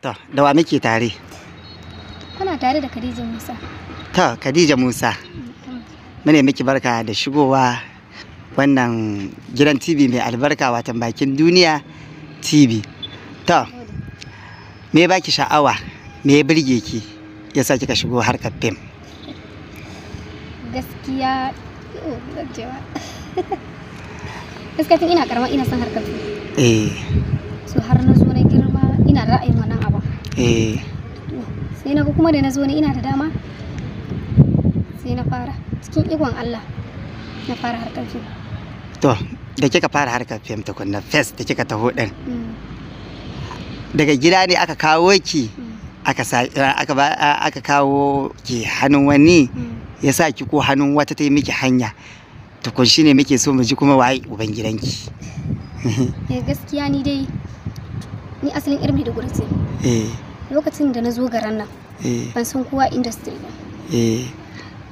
To, da wa muke tare? Kuna tare da Khadija Musa. To, Khadija Musa. Mm-hmm. Mune miki barka da shigowa wannan gidan TV mai albarka watan bakin duniya TV. To, me baki sha'awa? Me ya burge ki? Ya sa kika shigo harkar fim? Gaskiya, oh, gaskiya tun ina karama ina son harkar fim. Eh. So har na ina da ra'ayin wannan abin eh sai na kuma da na zo ni ina da dama sai na fara cikin ikon Allah na fara harkar fim to da kika fara harkar fim ta kunna fes da kika taho din mm. daga gida ne aka kawo ki mm. aka sa aka aka ba kawo ki hannun wani mm. ya sa ki ko hannun wata ta yi miki hanya To kun shine muke so mu ji kuma waye Eh gaskiya ni dai ni asalin irin maiduguri ce eh. lokacin da na zo garan nan eh. ban san kowa industry ba eh.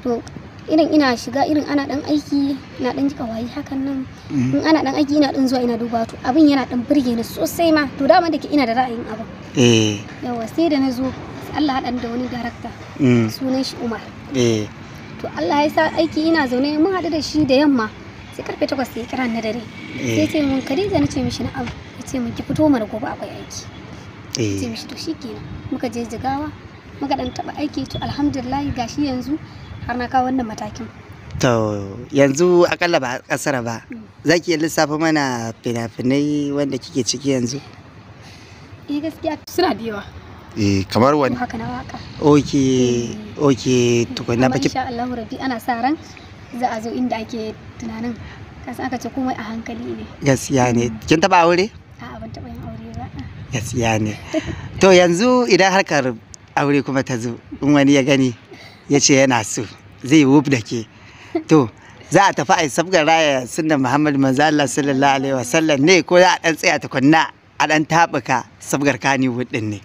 to irin ina shiga irin ana dan aiki na dan jika wayi hakan nan mm. in ana dan aiki ina dan zuwa ina duba to abin yana dan burge ni sosai ma to dama da ke ina da ra'ayin abu. eh yawa sai da na zo Allah haɗa da wani director mm. sunan shi Umar eh to Allah ya sa aiki ina zaune mun haɗu da shi da yamma sai karfe 8 sai kira na dare sai ce mun Khadija na ce mishi na abu ce mu ki fito mana gobe akwai aiki eh ce mishi to shikenan muka je jigawa muka dan taba aiki to alhamdulillah gashi yanzu har na kawo wannan matakin to yanzu akalla ba kasara ba mm. za ki lissafa mana fina-finai wanda kike ciki yanzu eh gaskiya suna da yawa eh kamar wani haka na waka oke eh. oke tukunna ki insha Allah rabbi ana sa ran za a zo inda ake tunanin kasan aka ce komai a hankali ne gaskiya ne kin taba aure gaskiya ne to yanzu idan harkar aure kuma ta zo in wani ya gani ya ce yana so zai wuf da ke to za a tafi a yi sabgar raya suna muhammad manzo Allah sallallahu alaihi wasallam ne ko za a dan tsaya tukunna a dan tabuka sabgar kani wudin ne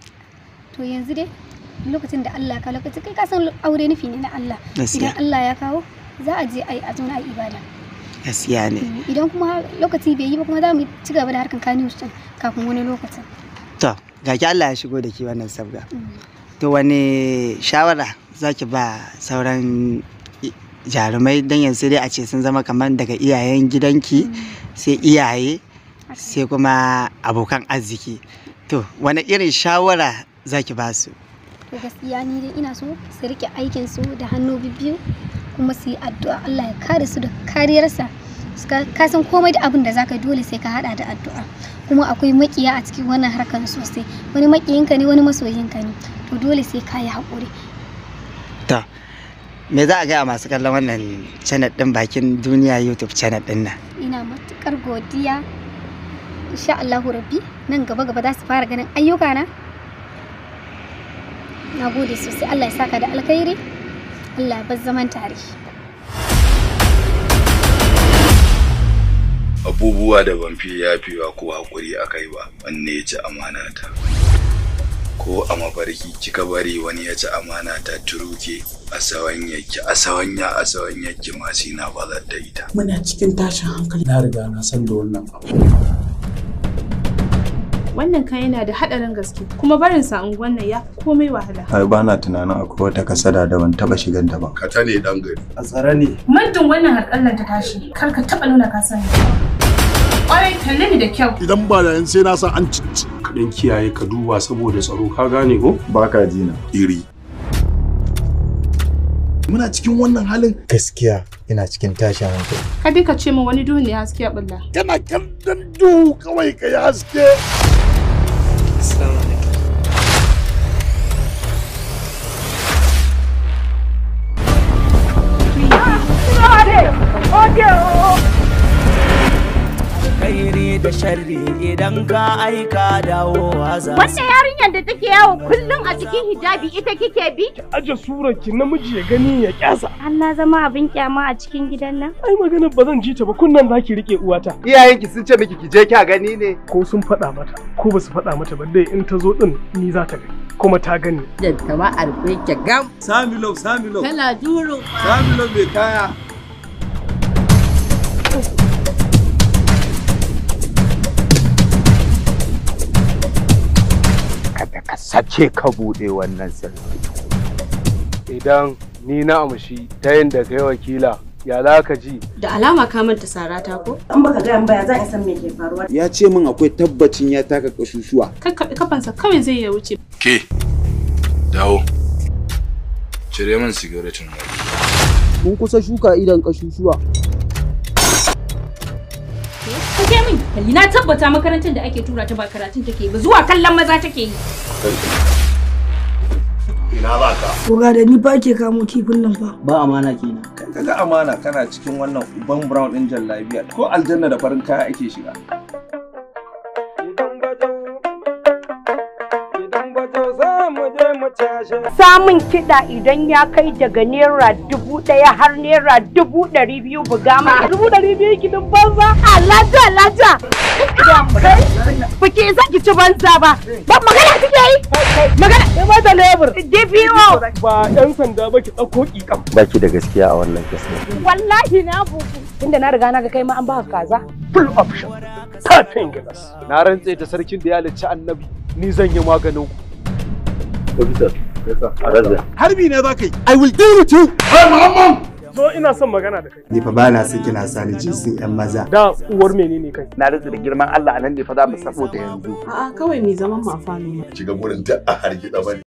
to yanzu dai lokacin da Allah ya kawo lokacin kai ka san aure nufi ne na Allah idan Allah ya kawo za a je a yi a zo na ibada gaskiya ne mm, idan kuma lokaci bai yi ba kuma za mu ci gaba da harkan kani kafin wani lokacin to ga ki Allah ya shigo da ki wannan sabga to wani shawara zaki ba sauran jarumai don yanzu dai a ce sun zama kamar daga iyayen gidanki sai iyaye sai kuma abokan arziki to wani irin shawara zaki ba su to gaskiya ni dai ina so su rike aikinsu da hannu biyu kuma su yi addu'a Allah ya kare su da kariyarsa ka san komai da abin da zaka dole sai ka hada da addu'a kuma akwai makiya a cikin wannan harkar sosai wani makiyinka ne wani masoyinka ne to dole sai ka yi hakuri. ta me za a gaya masu kallon wannan channel din bakin duniya youtube channel din nan ina matukar godiya insha Allahu rabbi nan gaba gaba za su fara ganin ayyuka na na gode sosai Allah ya saka da alkhairi Allah ya bar zaman tare abubuwa da ban fi yafewa ko hakuri a kai ba wanne ya ci amanata ko a mafarki kika bari wani ya ci amanata turuke a sawanyarki a sawanya a sawanyarki masu na bazar da ita muna cikin tashin hankali na riga na san da wannan abu wannan kan yana da hadarin gaske kuma barin sa unguwan nan ya komai wahala ai ba na tunanin akwai wata kasada da ban taba shigan ta ba kata ne dan gari a tsare ne muddin wannan harkallan ta tashi kar ka taba nuna ka sani kwarai kalle ni da kyau idan ba da yan sai na san an cici kaɗan kiyaye ka duba saboda tsaro ka gane ko baka na. iri muna cikin wannan halin gaskiya ina cikin tashin hankali kada ka ce min wani duhu ne haske bulla tana kallon duhu kawai ka yi haske Islam sharri idan ka aika dawo haza. Wanda yarinyar da take yawo kullum a cikin hijabi ita kike bi? Ki aje surar ki namiji ya gani ya kyasa. na zama abin kyama a cikin gidan nan. Ai magana ba zan ji ta ba kunnan zaki rike uwata. Iyayen ki sun ce miki ki je ki gani ne. Ko sun faɗa mata ko ba su faɗa mata ba dai in ta zo din ni za ta gani. kuma ta gani. Yadda ma arfe ki gam. Samilo, Samilo. Tana juro. Samilo mai kaya. Oh. ka sake ka buɗe wannan sirri idan ni na amshi ta yadda kai wakila ya za ka ji da alama ka manta sarata ko an baka ga baya za a san me ke faruwa ya ce min akwai tabbacin ya taka kasusuwa kafan kafansa kawai zai ya wuce ke dawo cire min sigaretin mun kusa shuka idan kasusuwa hankali na tabbata makarantar da ake tura ta ba karatun take ba zuwa kallon maza take yi ina ba ka koga da ni ba ke kamo kifin nan fa ba amana kenan kaga amana kana cikin wannan uban brown din jallabiya ko aljanna da farin kaya ake shiga Samun kiɗa idan ya kai daga naira dubu ɗaya har naira dubu ɗari biyu buga ma. Ah. Dubu ɗari biyu kiɗin banza? Alaja alaja. Baki isa ki ci banza ba. Ba magana kike yi? Magana. Ya ta lebur. DPO. Ba ɗan sanda ba ki ɗauko ƙiƙam. Ba ki da gaskiya a wannan gaskiya. Wallahi na buku. Tunda na riga na ga kai ma an ba kaza. Full option. Thirteen gilas. Na rantse da sarkin da ya halicci annabi. Ni zan yi maganin ku. Officer. Harbi na zaka ka yi. I will deal with you. Hey, Muhammad! zo ina son magana da kai. Ni fa ba na son kina sani jinsin yan maza. Da uwar menene kai? Na rantsa da girman Allah anan ne fa za mu safo ta yanzu. A'a kawai mai zaman mafano. Ki ga gurin duk a hargitsa bane.